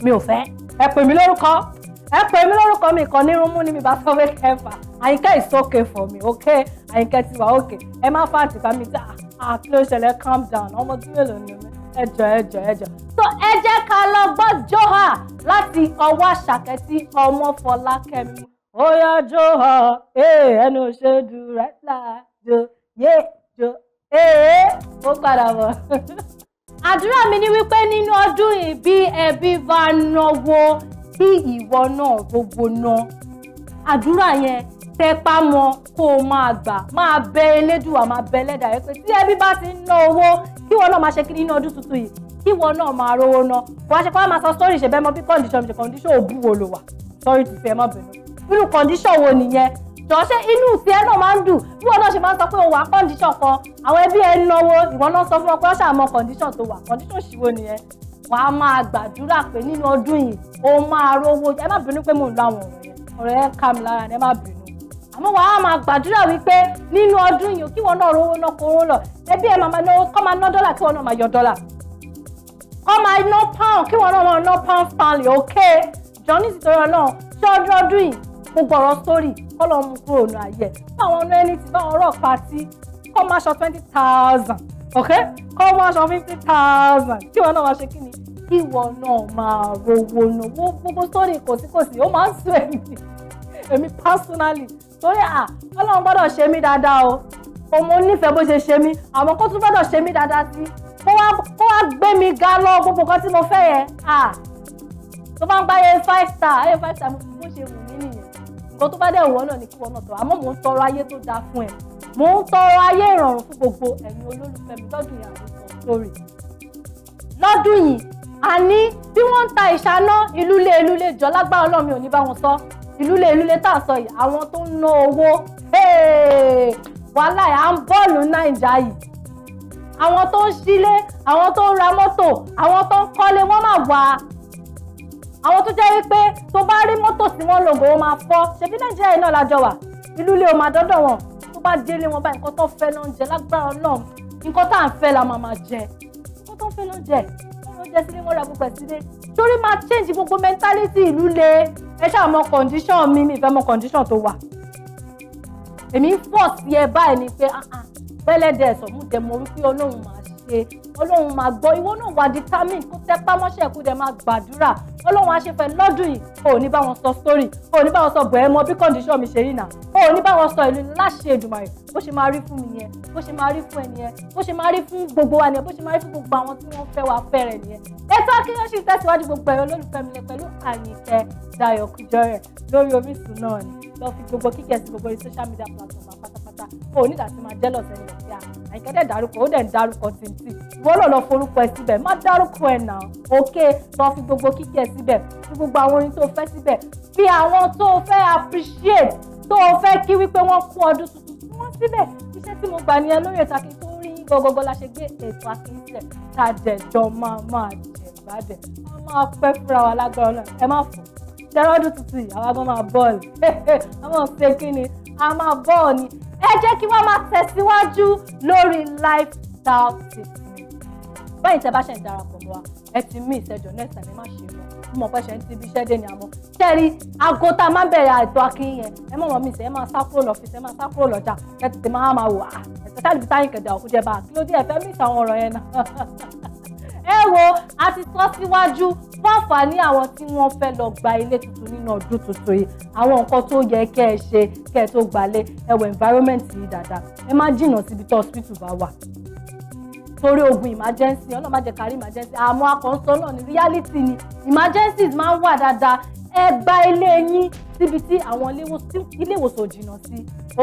mi ò fẹ́ ẹ pè mí lórúkọ ẹ pè mí lórúkọ mi ìkànnì irunmú ni mi bá sọ pé kẹfà àyíkẹ́ is okay for me okay àyíkẹ́ ti wà okay ẹ má fà tìka mi dá à ah, kí ló ṣẹlẹ̀ calm down ọmọ tí mélòó ni mi ẹjọ ẹjọ ẹjọ. so ẹ jẹ́ ká lọ gbọ́ Joha láti ọwọ́ àṣàkẹ́ tí ọmọ Fọlákẹ́mi. ó yá Joha eh, ẹnu ṣe dùrà Jo, yé jo eh, ó padà bọ̀ àdúrà mi ni wípé nínú ọdún yìí bí ẹbí bá náwó tí ìwọ náà gbogbo náà àdúrà yẹn tẹpá mọ́ kó o máa gbà máa bẹ elédùà máa bẹ ẹlẹ́dàá rẹ pé tí ẹbí bá ti ń ná owó kí wọn náà máa ṣe kiri ní ọdún tuntun yìí kí wọn náà máa rówó ná kò wá ṣe pé wọn máa sọ sórí ìṣẹ̀bẹ́ mọ́ bí kọ́ndíṣọ̀n ṣe kọ́ndíṣọ̀n òbú wo ló wà sórí ti fi ẹ má bẹ̀rẹ̀ irú kọ́ndíṣọ̀n wo nìyẹn jọ ṣé inú ti ẹ náà máa ń dùn bí wọn náà ṣe máa ń sọ pé o wà kọ́ndíṣọ̀n kan àwọn ẹbí ẹ náwó ìwọ náà sọ fún ọ pé ọ ṣàmọ kọ́ndíṣọ̀n tó wà kọ́ndíṣọ̀n ṣìwò nìyẹn wàá máa gbàdúrà pé nínú ọdún yìí ó máa rówó ẹ má bínú pé mò ń lo àwọn ọ̀rọ̀ yẹn ká mi lára ẹ má bínú àmọ́ wàá máa gbàdúrà wípé nínú ọdún yìí kí wọn náà rówó náà kóró lọ ẹbí ẹ máa náwó kọ́ máa ná dọ́là kí wọn náà máa yọ dọ́là kọ́ máa ná pound kí wọn náà máa ná pound stanley ok john ní ìtòrí ṣé ọdún ọdún yìí mo gbọ̀rọ̀ sórí kọ́ lọ́ọ́ mú kúrò ní ayé kọ́ máa ṣọ twenty thousand ok kọ́ máa ṣọ fifty thousand kí wọn náà máa ṣe kí ni kí wọn náà máa rówó náà gbogbo sórí kòsíkòsí ó máa ń sún èmi èmi personally torí à ọlọ́run gbọ́dọ̀ ṣe mí dáadáa o òun ò nífẹ̀ẹ́ bó ṣe ṣe mí àmọ́ kó tún gbọ́dọ̀ ṣe mí dáadáa sí kó wá gbé mi ga lọ gbogbo nǹkan tí mo fẹ́ yẹn à tó bá ń gbáyé five star ayé five star mo ṣe wù mí nìyẹn nǹkan tó bá dẹ̀ wọ́n náà ni kí wọ́n náà tọ̀ àmọ́ mò ń tọrọ ayé tó dáa fún ẹ mo ń tọrọ ayé ìrọ̀rùn fún gbogbo ẹ̀yin olólùfẹ́ mi lọ́dún yàrá ìsọ̀ lórí. lọ́dún yìí àní bí wọ́n ń ta ìṣáná ìlúlé ìlúlé jọ lágbára ọlọ́run mi ò ní bá wọn sọ ìlúlé ìlúlé tá a sọ yìí àwọn tó ń ná owó wàhálà à ń bọ́ọ̀lù nàìjà yìí àwọn tó ń sílé àwọn tó ń ra mọ́tò àwọn tó ń kọ́lé wọ́n máa wà á àwọn tó jẹ́ wípé tó bá rí mọ́tò sí wọn lògò wọn máa fọ́ ṣèbí nàìjíríà yìí náà lájọ wà ìlú o máa dọ́dọ̀ wọn bá délé wọn bá nǹkan tó fẹ́ ló ń jẹ lágbára Ọlọ́run nǹkan tá à ń fẹ́ la máa máa jẹ nǹkan tó ń fẹ́ ló ń jẹ ló ń jẹ sílé wọn ra gbogbo ẹ̀ sílé torí máa change gbogbo mentality ìlú le ẹ ṣáà mọ condition mi mi ìfẹ́ mọ condition tó wà èmi force yẹ báyìí ni pé ah, ah, bẹ́lẹ́dẹ̀ sọ̀mú jẹ mo rí pé Ọlọ́run máa ṣe ọlọ́run máa gbọ́ ìwọ náà wà determine kó tẹpá mọ́ṣẹ́ kó dẹ̀ máa gbàdúrà ọlọ́run á ṣe fẹ́ lọ́dún yìí o ò ní bá wọn sọ story o ní bá wọn sọ bẹ̀ẹ́ mọ bí condition mi ṣe rí nà o ní bá wọn sọ ìlú láṣẹ Èdùmàrè bó ṣe máa rí fún mi nìyẹn bó ṣe máa rí fún ẹ nìyẹn bó ṣe máa rí fún gbogbo wa nìyẹn bó ṣe máa rí fún gbogbo àwọn tí wọ́n fẹ́ wa fẹ́rẹ̀ nìyẹn ètò akínyànjú tẹ̀síwájú gbogbo ẹ̀rọ olólùfẹ́ mi pẹ̀lú Àyìnkẹ́ Dayọ̀ Kújọ́rẹ̀ lórí Orísun náà ni lọ fi gbogbo kíkẹ́ gbogbo orí social media platform pátápátá o ò nígbà máa jẹ́ lọ́sẹ̀ ní ọ̀sẹ̀ àná àyíkẹ́ dẹ̀ dárúkọ ó dẹ̀ ń dárúkọ tìǹtì ìwọ náà lọ forúkọ ẹ síbẹ̀ má dárúkọ ẹ nà òkè lọ fi gbogbo kíkẹ́ síbẹ̀ fi gbogbo àwọn orin tó fẹ́ síbẹ̀ fi àwọn tó fẹ́ appreciate tó fẹ́ kí wípé wọ́n kú ọdún tuntun wọ́n síbẹ̀ iṣẹ́ tí mo gbà nìyẹn lórí ètò Àkíìyín tó rí gbogbogbò la ṣe gbé ètò Àkíìyín sílẹ̀ tá a dẹ̀ jọ máa máa jẹ̀ gbádẹ̀ wọ́n máa pẹ́ fúnra wa lágbára náà ẹ má fò tẹ́rọ́dún tuntun yìí àwọn agbọ́n máa bọ́ọ̀lù àwọn ọ̀sẹ̀ kí ni a máa bọ́ọ̀lù ẹ jẹ́ kí wọ́n máa tẹ̀síwájú lórí lifestyle tips báyìí tẹ bá ṣe ń darapọ̀ mọ́ wa ẹ ti mí ìṣẹ́jọ next time ẹ má ṣe mọ́ mo mọ̀ pé ṣe ń ti ibi iṣẹ́ dé ni àmọ́ ṣẹ́ẹ̀rí aago tá a máa ń bẹ̀rẹ̀ àìtọ́ akin yẹn ẹ mọ̀ mọ̀ mi ṣe ẹ máa sá kúrò lọ́fíìsì ẹ máa sá kúrò lọ́jà ẹ tètè máa máa wò á ah, ẹ̀sẹ̀ sáà níbi táyìn kẹ̀dà òkú jẹba kí ló dé ẹ mí ìtàwọn ọ̀rọ̀ yẹn náà. ẹ wo a ti sọ síwájú fún àǹfààní àwọn tí wọ́n fẹ́ lọ gba ilé tuntun nínú ọdún tuntun yìí àwọn nǹkan tó yẹ kẹ́ ẹ ṣe kẹ́ ẹ tó gbalé ẹ̀wọ̀ environment yìí dáadáa ẹ má jìnnà síbi tó hospital bá wà torí ogun emergency ọlọ́run má jẹ́ kárí emergency àmọ́ akọ̀ǹsọ náà ní reality ni emergencies máa ń wà dáadáa ẹ bá ilé yín síbi tí àwọn ilé ìwòsàn jìnnà sí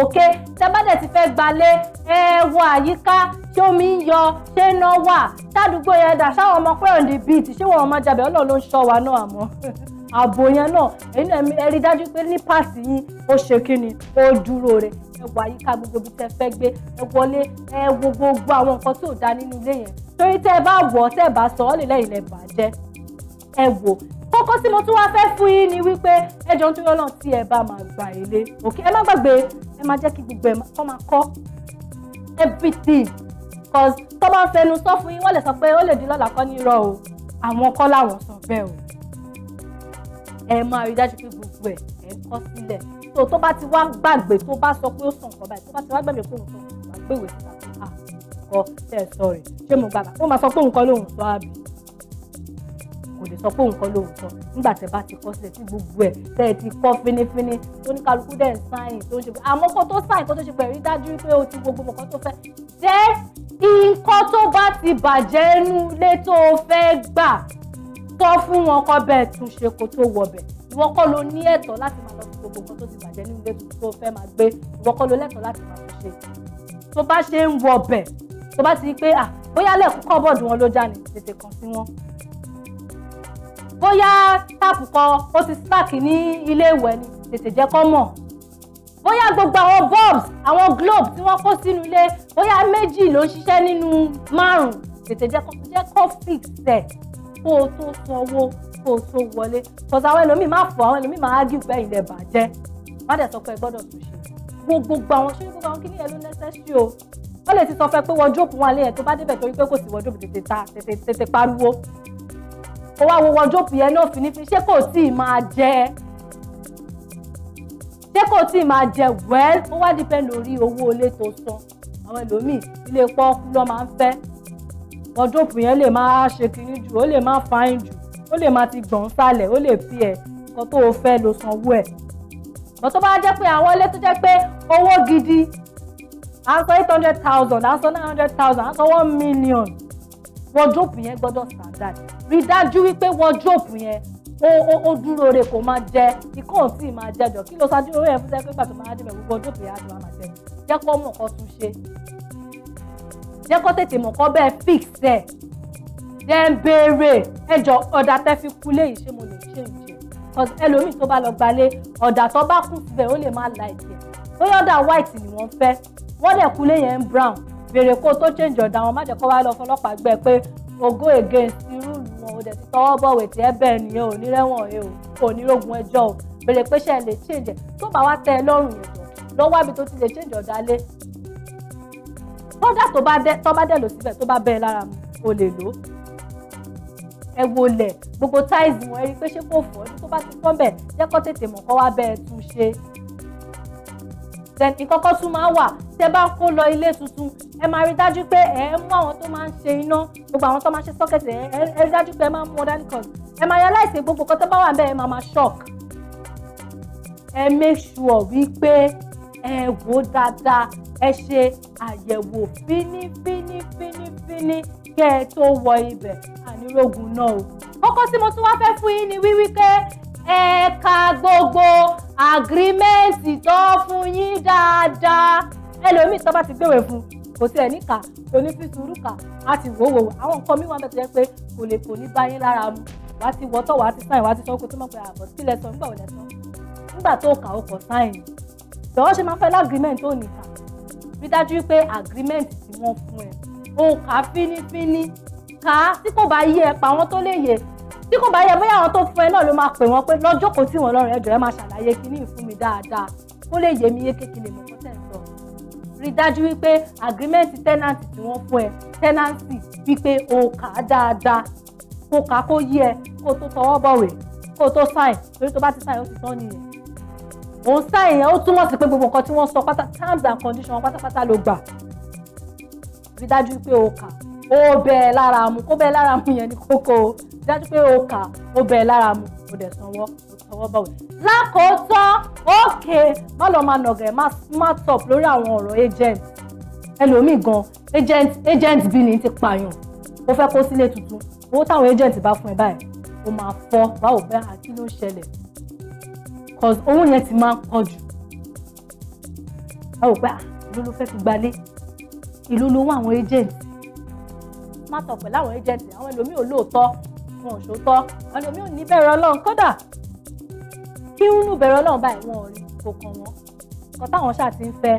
ok tẹ́bàdẹ̀ ti fẹ́ gbalẹ̀ ẹ wo àyíká ṣé omi ń yọ ṣé iná wà ṣáàdúgbò yẹn dà ṣáwọn ọmọ pé òǹdí bíìtì ṣé wọn ọmọ jabẹ ọlọ́run ló ń ṣọ́ wa náà àmọ́ ààbò yẹn náà èyí náà ẹ rí dájú pé ní pàṣẹ yín ó ṣe kí ni ó dúró rẹ ẹ wo àyíká gbogbo ibi tẹ́ fẹ́ gbé ẹ wọlé ẹ wo gbogbo àwọn nǹkan tí ò dá nínú ilé yẹn torí tẹ́ ẹ bá wọ̀ tẹ́ ẹ bá sọ ọ lè lẹ́yìn lẹ bàjẹ́ ẹ wò kókó tí mo tún wá fẹ́ fún yín ni wípé ẹjọ́ nítorí ọlọ́run tí ẹ bá máa gbà ilé òkè ẹ má gbàgbé ẹ má jẹ́ kí gbogbo ẹ kọ́ máa kọ́ everything cause tó bá ń fẹnu sọ fún yín wọ́n lè sọ pé ó lè di lọ́la kọ́ ní irọ́ o àwọn kọ́ làwọn sọ bẹ́ẹ̀ o ẹ máa rí dájú pé gbogbo ẹ ẹ ń kọ́ sílẹ̀ tó tó bá ti wá gbàgbé tó bá sọ pé ó sàn kọ́ báyìí tó bá ti wá gbàgbé pé òun sọ wá gbéwèé sí àkọ́ ah, tẹ̀ sọ̀rọ̀ ṣé mo gbàgbà ó máa sọ pé òun kọ́ lóun sọ àbí kò lè sọ pé òun kọ́ ló ń sọ nígbà tẹ́ bá ti kọ́ sílẹ̀ tí gbogbo ẹ̀ tẹ́ ẹ ti kọ́ fínífíní tó ní kálukú dẹ̀ ń sáyìn tó ń ṣe àmọ́ kó tó sáyìn kó tó ṣe pé rí dájú pé o ti gbogbo nǹkan tó fẹ́ jẹ́ nǹkan tó bá ti bàjẹ́ nú ilé tó fẹ́ gbà tọ́ fún wọn kọ́ bẹ́ẹ̀ tún ṣe kó tó wọbẹ̀ ìwọ kọ́ ló ní ẹ̀tọ́ láti máa lọ sí gbogbo nǹkan tó ti bàjẹ́ nínú ilé tó fẹ́ máa gbé ìwọ kọ́ ló lẹ́tọ̀ọ́ láti máa ṣe tó bá ṣe ń wọbẹ̀ tó bá ti rí pé à bóyá lẹ́kùn kọ́bọ̀dù wọn ló já ní tètè kàn sí wọn bóyá táàpù kan ó ti spark ní ilé ìwẹ̀ ni tètè jẹ́ kọ́ mọ̀ bóyá gbogbo àwọn bulbs àwọn globe tí wọ́n kó sínú ilé bóyá méjì ló ń ṣiṣẹ́ nínú márùn-ún tètè jẹ́ kọ́ fix ẹ̀ kó o tó sanwó kó o tó wọlé kọ́sà àwọn ẹlòmíì máa fọ àwọn ẹlòmíì máa ágì pé ilẹ̀ bàjẹ́ má dẹ̀ sọ pé ẹ gbọ́dọ̀ tó ṣe wo gbogbo àwọn ṣé gbogbo àwọn kí nìyẹn ló necessary o wọ́n lè ti sọ fẹ́ pé wọ́dróòpù wọn alẹ́ yẹn tó bá débẹ̀ torí pé kò sí wọ́dróòpù tètè ta tètè pariwo kó wá wo wọ́dọ́pù yẹn náà finifin ṣé kò tí ì máa jẹ ṣé kò tí ì máa jẹ wẹ́l ó wá dípẹ́ lórí owó ilé tó san àwọn ẹlòmíì ilé pọ́ọ́kú lọ́ máa ń fẹ́ wọ́dọ́pù yẹn lè máa ṣe kiri jù ó lè máa fàáyìn jù ó lè máa ti gbọ̀n sálẹ̀ ó lè fi ẹ̀ nǹkan tó o fẹ́ ló sanwó ẹ̀ bọ́n tó bá jẹ́ pé àwọn ilé tó jẹ́ pé owó gidi à ń eight hundred thousand à ń nine hundred thousand à ń one million wọ́dróòpù yẹn gbọ́dọ̀ standard rí dájú wípé wọ́dróòpù yẹn ó ó ó dúró re kò máa jẹ ikọ́ ò tí ì máa jẹjọ kí ló ṣáájú orí ẹ̀ fún sẹ́kẹ́ gbà tó máa dìbẹ̀ gbogbo wọ́dróòpù yẹn á dùn àmà jẹ jẹ́ kó mọ̀ kó tún ṣe jẹ́ kó tètè mọ̀ kó bẹ́ẹ̀ fix ẹ̀ jẹ́ ń béèrè ẹjọ́ ọ̀dà tẹ́ fi kú léyìí ṣé mo lè ṣe ìjẹ́ ẹlòmíì tó bá lọ gbalé ọ̀dà tó bá kù síbẹ̀ ó lè má like ẹ̀ bóyá ọ̀dà white ni wọ́n fẹ́ wọ́n dẹ̀ kú léyìn brown bèrè kó tó change ọ̀dà wọn má jẹ́ kó wá lọ fọlọ́pàá gbẹ pé mo go against irú ìlú wọn o dẹ̀ ti tọwọ́ bọ̀wé tí ẹ bẹ́ẹ̀ nìyẹn ò ní rẹ́wọ̀n yẹn o kò ní rogun ẹjọ́ o bèrè pé ṣe lè change ẹ̀ tó bá wá tẹ ẹ lọ́rùn yẹn lọ wábi tó ti lè change ọ̀dà lé kódà tó bá dẹ tó bá dẹ lò síbẹ̀ tó bá bẹ́ẹ̀ lára mu o lè lò ó ẹ wo lẹ̀ gbogbo táìsì wọn ẹ rí i pé ṣé kò fọ́ ní tó bá ti fọ́ bẹ̀ jẹ́ tètè mọ̀ kó wá bẹ́ẹ̀ tún ṣe ìkọ́kọ́ tún máa wà tẹ bá kó lọ ilé tuntun ẹ máa rí dájú pé ẹ mú àwọn tó máa ń ṣe iná gbogbo àwọn tó máa ń ṣe sọ́kẹ̀tì ẹ rí dájú pé ẹ máa mú ọ̀dà nìkan ẹ máa realize gbogbo kan tó bá wà ń bẹ́ẹ̀ ẹ máa máa shock ẹ make sure wípé ẹ wò dáadáa ẹ ṣe àyẹ̀wò fínífínífínífíní kẹ́ ẹ tó wọ ibẹ̀ ànírógun náà o. kókó tí mo tún wá fẹ́ fún yín ni wíwí pé ẹ ka gbogbo àgírímẹ́ǹtì tó fún yín dáadáa ẹlòmíì tó bá ti gbéwèé fún kò tiẹ̀ níkà kò ní fi sùúrù kà á ti wò wò àwọn nǹkan mi wà bẹ́ẹ̀ tó jẹ́ pé kò lè kò ní báyìí lára mu wàá ti wọ́tọ̀ wàá ti sáìn wàá ti sọ kó tó mọ̀ pé àbọ̀ sílẹ̀ sọ nígbà wọlé sọ nígbà tó kà ó kọ̀ sáìn bẹ̀wọ́ ṣe máa fẹ́ lágrímẹ̀ntì tó nìkà rí dájú pé àgrímẹ̀ntì tí wọ́n fún ẹ o kà fínífíní kà á tí kò bá yé ẹ pa àwọn tó lè yẹ tí kò bá yẹ bóyá àwọn tó fún ẹ náà ló máa pè wọ́n pé lọ́jọ́ kò tí wọ́n lọ́rùn ẹ jọ̀ọ́ ẹ máa ṣàlàyé kíní ìfún mi dáadáa kó lè yé mi yé kékeré mọ́ rí dájú wípé agreement tenancy tí wọ́n fún ẹ tenancy wípé o kà á dáadáa kó kà á kó yí ẹ kó tó tọwọ́ bọ̀wé kó tó sign torí tó bá ti sign ó ti tán nìyẹn òun sign yẹn ó túmọ̀ sí pé gbogbo nǹkan tí wọ́n sọ pátá terms and conditions pátápátá ló gbà rí dájú pé o kà ó bẹ́ẹ̀ lára mu kó bẹ́ẹ̀ lára mu yẹn ní kókó o dájú pé o kà ó bẹ́ẹ̀ lára mu o dẹ̀ sanwó o sanwó bọ̀wé. lákòótọ́ ok má lọ máa nàgẹ̀ má smart up lórí àwọn ọ̀rọ̀ agent ẹlòmíì gan agent agent bí ni ti pààyàn ó fẹ́ kó sílé tuntun owó táwọn agent bá fún ẹ báyìí ó máa fọ́ báwo bẹ́ẹ̀ àti ló ń cause owó yẹn ti máa ń pọ̀ jù báwo pé ìlú ló fẹ́ fi gbalé ìlú ló wá àwọn agent smart up pẹ̀lú àwọn agent àwọn ẹlòmíì ò lóòótọ́ wọn ò ṣòótọ́ àwọn ẹlòmíì ò ní bẹ̀rẹ̀ ọlọ́run kódà tí ń nù bẹ̀rẹ̀ ọlọ́run báyìí wọn ò rí kò kàn wọ́n nǹkan táwọn ṣáà ti ń fẹ́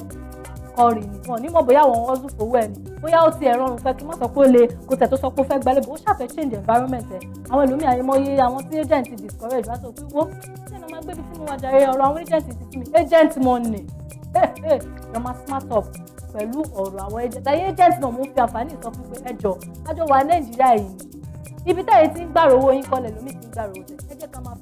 kọrì ni wọn nímọ̀ bóyá àwọn ọ̀zùn fowó ẹ̀ ni bóyá ó ti ẹ̀ rọrùn fẹ́ kí má sọ pé ó le kó tẹ̀ tó sọ pé ó fẹ́ gbálẹ̀ bó ṣàfẹ́ change environment ẹ̀ àwọn ẹlòmíì àyẹ̀mọ́yé àwọn tí agent discourage wá sọ pé wó ṣé ẹ̀nà máa gbébi tí mo wà jàre ọ̀rọ̀ àwọn agent ti fún mi agent money yọ máa smart up pẹ̀lú ọ̀rọ̀ àwọn agent àyè agent náà mo ń fi àǹfààní sọ fún pé ẹjọ́ àjọ wà Nàìjíríà yìí ibi táyé ti ń gbàrò owó yín kọ́lẹ̀ lómi ti ń gbàrò owó tẹ̀ ẹ jẹ́ ká máa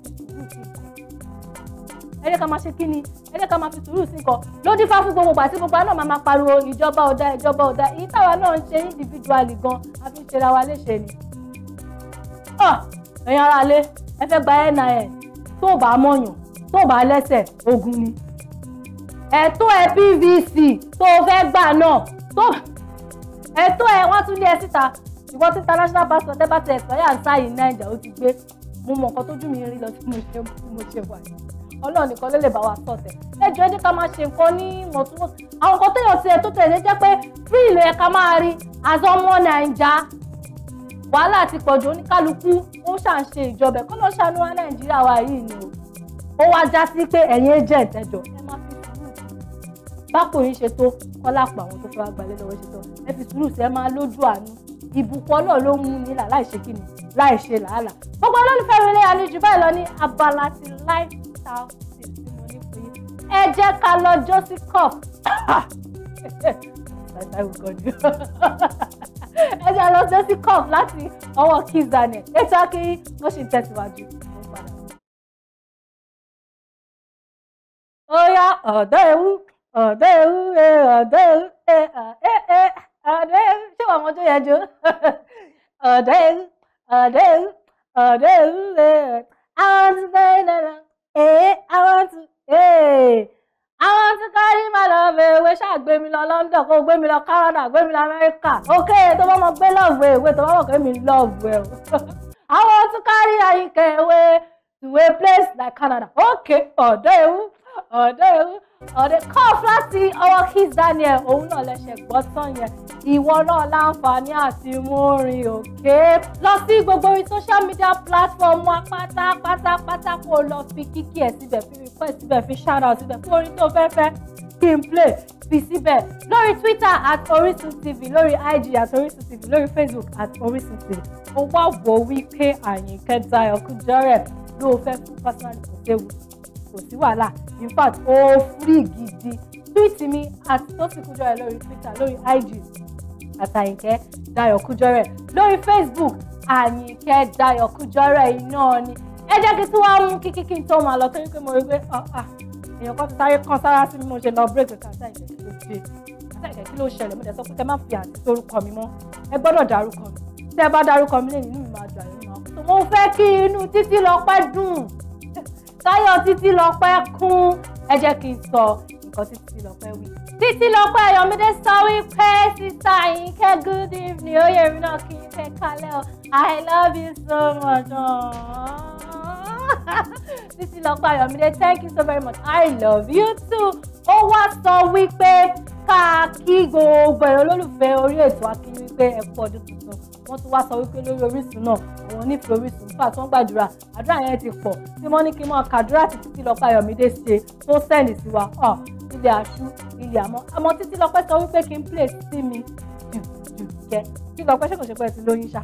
ẹ jẹ́ ká máa ṣe kí ni ẹ jẹ́ ká máa fi sùúrù sí kọ ló dífá fún gbogbo àti gbogbo náà máa máa pariwo ìjọba ọ̀dà ìjọba ọ̀dà èyí táwa náà ń ṣe individually gan a fi ń ṣera wa léṣe ni. ọ ẹ̀yin ara lé ẹ fẹ́ gba NIN tó bá mọ̀yàn tó bá lẹ́sẹ̀ ogun ni. ẹ̀tọ́ ẹ PVC tó o fẹ́ gbà náà tó ẹ̀tọ́ ẹ wọ́n tún lé ẹ síta ìwọ́n tí international passport ẹ bá ẹ̀sọ́ yà ń sáyìn Nàìjà ó ti gbé mo mọ̀ nǹkan tójú mi rí lọ sí mo ṣe wà yìí ọlọ́run nìkan ló lè bá wa sọ̀tẹ̀ ẹjọ́ ẹ jẹ́ ká máa ṣe nǹkan ní mọ̀túnmọ̀tún àwọn nǹkan téèyàn tiẹ̀ tó tẹ̀lé jẹ́ pé free ilẹ̀ ká máa rí àzọmọ́ nàìjà wàhálà ti pọ̀jù oníkálukú ó ṣàǹṣe ìjọba ẹ̀kọ́ náà ṣàánú wa nàìjíríà wa yìí ni o ó wá já sí pé ẹ̀yin agent ẹ̀jọ̀ ẹ má fi sùúrù bápò yín ṣe tó kọ́lápọ̀ àwọn tó fẹ́ wá gbalẹ̀ lọ́wọ́ ṣe tó ẹ fi sùúrù sí ẹ máa lójú àánú ìbùkún náà ló ń mú nílà láì ṣe kíni láì ṣe làálàá gbogbo olólùfẹ́ mi lé àlejò báyìí lọ ní abala ti life mental tips tí mo ní fún yín ẹ jẹ́ ká lọ jọ́sí cup ẹ jẹ́ lọ jọ́sí cup láti ọwọ́ kizane ètò akéyí mo sì ń tẹ̀síwájú. Oya ọ̀dọ́ ewu ọ̀dọ́ ewu ọ̀dọ́ ewu ọ̀dọ́ ewu ṣé wàá mọ́tò yẹn jó ọ̀dọ́ ewu ọ̀dọ́ ewu ọ̀dọ́ ewu àti bẹ́ẹ̀ Hey, eh, I want to, hey, eh, I want to carry my love away. Ṣáà gbé mi lọ London, go gbé mi Canada, go mi lọ America. Okay, to my my gbé love away, tó my mọ love away. I want to carry Ayinke away to a place like Canada. Ok, ọ̀dọ́ ewu ọ̀dọ́ ọ̀dẹ kọ́ọ̀f láti ọwọ́ Kiss Daniel òun náà lẹ́sẹ̀ gbọ́ tán yẹn ìwọ náà láǹfààní àti mú orin òkè lọ sí gbogbo orí social media platform wa pátápátápátá kó o lọ fi kíkí ẹ̀ síbẹ̀ fi request síbẹ̀ fi shout out síbẹ̀ fún orin tó fẹ́ fẹ́ kí n play fi síbẹ̀ lórí Twitter at Orisun TV lórí IG at Orisun TV lórí Facebook at Orisun TV ó wá wò wípé Àyìnkẹ́ Dayọ̀ Kújọ́rẹ̀ ló fẹ́ fún personal ìkọ̀sẹ́wò kò sí wàhálà in fact ó free gidi tweet mi at Tosin Kujore Twitter lórí IG àtàyìnkẹ́ Dayọ̀ Kujore lórí Facebook àyìnkẹ́ Dayọ̀ Kujore iná ni ẹ jẹ́ kí tí wọ́n á mú kíkí kí n tó máa lọ torí pé mo rí pé ah, ah, èèyàn kan ti sáré kan sára sí bí mo ṣe lọ break kan àtàyìnkẹ́ kí ló dé àtàyìnkẹ́ kí ló ṣẹlẹ̀ mo dẹ̀ sọ pé kẹ́ má fi àti torúkọ mi mọ́ ẹ gbọ́dọ̀ dárúkọ mi tẹ́ ẹ bá dárúkọ mi lẹ́yìn inú mi máa dùn àyè mi máa kú. mo fẹ́ kí inú títí lọ dùn táyọ̀ Títílọpẹ́ kún ẹ jẹ́ kí n sọ nǹkan tí Títílọpẹ́ wí. Títílọpẹ́ Ọ̀yọ́mídé sọ wípé sísá Àyìnkẹ́ good evening ó yẹ mi náà kí n fẹ́ kalẹ́ o I love you so much. Títílọpẹ́ Ọ̀yọ́mídé thank you so very much I love you too. ó wá sọ wípé ká kí gbogbo ẹ̀ olólùfẹ́ orí ètò akínyìn pé ẹ ọdún tuntun wọ́n tún wá sọ wípé lórí Orísun náà òun nífẹ̀ẹ́ Orísun nípa tó ń gbàdúrà àdúrà yẹn ti pọ̀ tí wọ́n ní kí n máa kàdúrà títí tí lọ́pàá Ayọ̀mídé ṣe tó sẹ́ǹdì sí wa ilé àṣù ilé àmọ́ àmọ́ títí lọ́pẹ́ sọ wípé kí n play sí mi jùjùkẹ́ tí lọ́pẹ́ ṣe kò ṣe pẹ́ ti lóyún ṣá.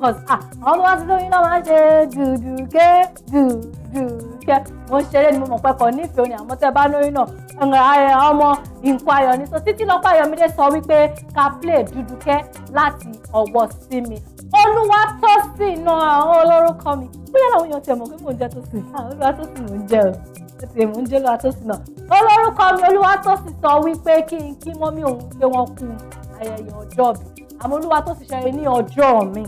Ah, àwọn tó wá ti lóyún náà máa ń ṣe jùjùkẹ́ jùjùkẹ́ mo ń ṣeré ni mo mọ̀ pẹ́kọ̀ọ́ nífẹ̀ẹ́ òní àmọ́ tẹ́ bá lóyún náà ọmọ nǹkan ayọ̀ ni so títí lọ́pọ̀ ayọ̀mídé sọ wípé ká play dúdúkẹ́ láti ọwọ́ sí mi olúwa tó sì na àwọn olórúkọ mi bóyá làwọn èèyàn ti mọ̀ pé mò ń jẹ́ tó sì náà olúwa tó sì mò ń jẹ́ o tètè mò ń jẹ́ olúwa tó sì náà olórúkọ mi olúwa tó sì sọ wípé kí n kí mọ́mí òun pé wọ́n kú ayẹyẹ ọjọ́ mi àmọ́ olúwa tó sì ṣẹlẹ̀ ní ọjọ́ mi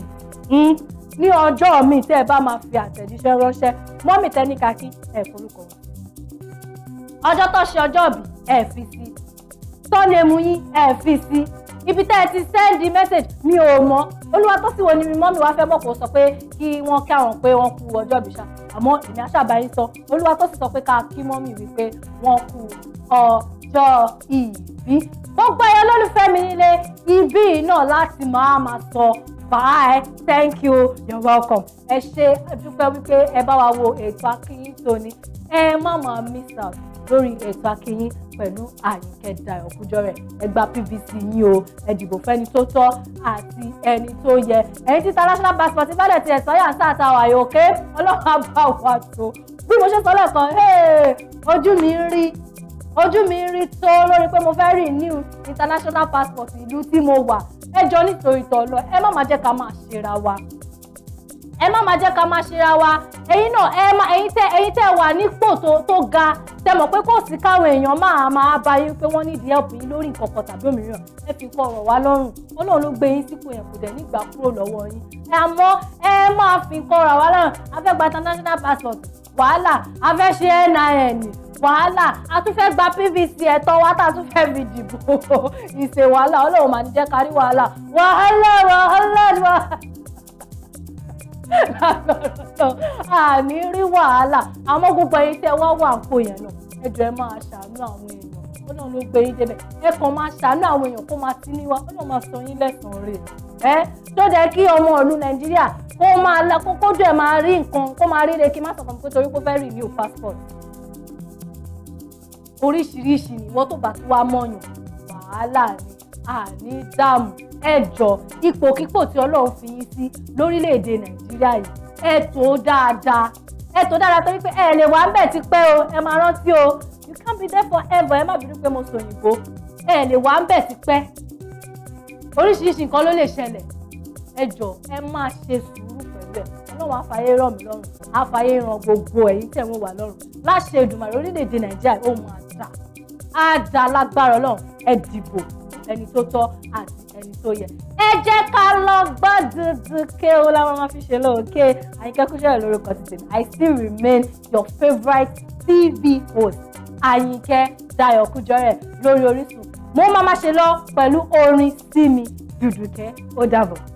hmm? ní ọjọ́ mi tẹ́ ẹ bá máa fi àtẹ̀jíṣẹ́ ránṣẹ́ mọ́mì tẹ́ ní kakí ẹ̀ forúkọ ọjọ́ tó ṣe ọjọ́ bí ẹ fi sí tó ní emu yín ẹ fi sí ibi tẹ́ ẹ ti sẹ́ndì mẹ́sàgì mi ò mọ̀ olúwa tó sì wọ ni mi mọ́ mi wá fẹ́ bọ̀ kó sọ pé kí wọ́n kí àwọn pé wọ́n kú ọjọ́ bí ṣá àmọ́ èmi aṣàbáyé sọ olúwa tó sì sọ pé ká kí mọ́ mi wípé wọ́n kú ọjọ́ ìbí gbogbo ẹyẹ olólùfẹ́ mi nílé ibí náà láti máa máa sọ bye thank you you're welcome ẹ ṣe àdúpẹ́ wípé ẹ bá wa wo ètò AkiiYin tòní ẹ má máa miss out lórí ètò akínyìn pẹ̀lú àyíkẹ́ dayọ̀ kújọ́rẹ̀ ẹ gba PVC yín o ẹ dìbò fẹ́ni tó tọ́ àti ẹni tó yẹ ẹ̀yin títa national passport ìbálẹ̀ ti ẹ̀sán yà ń sáàtà wàyò òkè ọlọ́pàá bá wà tó bí mo ṣe sọ lẹ́ẹ̀kan ojú mi ń rí ojú mi ń rí tó lórí pé mo fẹ́ rí new international passport ìlú tí mo wà ẹ jọ nítorí tọ̀ lọ ẹ má má jẹ́ ká máa ṣera wa ẹ má máa jẹ́ ká máa ṣera wa ẹ̀yin náà ẹ má ẹ̀yin tẹ́ ẹ̀yin tẹ́ wà nípò tó ga tẹ́ mọ̀ pé kò sí káwọn èèyàn máa máa bá yín pé wọ́n nídìí help yín lórí nǹkan kan tàbí òmíràn ẹ fi kọ ọ̀rọ̀ wá lọ́rùn ọlọ́run ló gbé yín sípò yẹn kò dẹ̀ nígbà kúrò lọ́wọ́ yín àmọ́ ẹ máa fi kọ ọ̀rọ̀ wá lọ́rùn a gba international passport wàhálà a ṣe NIN wàhálà a tún fẹ́ gba PVC ẹ̀tọ́ wa tá a tún fẹ́ fi dìbò ìṣe wàhálà ọlọ́run máa ń jẹ́ kárí wàhálà wàhálà wàhálà wàhálà a àní rí wàhálà àmọ́ gbogbo ẹ̀yin tẹ́ wá wà àpò yẹn náà ẹ jọ̀ọ́ ẹ máa ṣàánú àwọn èèyàn ọlọ́run ló gbé yín débẹ̀ ẹ kàn máa ṣàánú àwọn èèyàn kó máa tí níwá ọlọ́run máa sọ yín lẹ́sàn-án rè ẹ tó jẹ́ kí ọmọ ìlú nàìjíríà kó máa lọ kó jọ ẹ máa rí nǹkan kó máa rí reke má sọ̀kan pé torí kó fẹ́ rìnìú passport oríṣiríṣi nìwọ́ tó bá ti wá mọ̀yàn wàhálà ni àní dààmú ẹ jọ ipòkípò tí ọlọ́run fi yín sí lórílẹ̀‐èdè nàìjíríà ìyá yìí ẹ tò ó dáadáa ẹ tò ó dáadáa torí pé ẹ lè wà ń bẹ̀ ti pẹ́ o ẹ máa rántí o you can't be there forever ẹ má bínú pé mo sòyìnbó ẹ lè wà ń bẹ̀ ti pẹ́ oríṣiríṣi nǹkan ló lè ṣẹlẹ̀ ẹ jọ ẹ máa ṣe sùúrù pẹ̀lú ẹ ọlọ́run àfààyè ràn mí lọ́rùn àfààyè ràn gbogbo ẹ̀yin tẹ̀ wọ́n wà lọ́rùn láṣẹ Èdùmàrè orílẹ̀-èdè nàìjíríà ó máa dà á dà lágbára ọlọ́run ẹ dìbò ẹni tó tọ́ àti ẹni tó yẹ. ẹ jẹ́ ká lọ gbọ́ dundun kéwú láwọn máa fi ṣe lóòkè Àyìnkẹ́ Kúṣẹ̀rẹ̀ lórúkọ ti tèmi I still remain your favourite TV host Àyìnkẹ́ Dayọ̀ Kújọrẹ̀ lórí Orísun mo máa ma ṣe lọ pẹ̀lú orin sí mi dùdùkẹ́ ó dàbọ̀.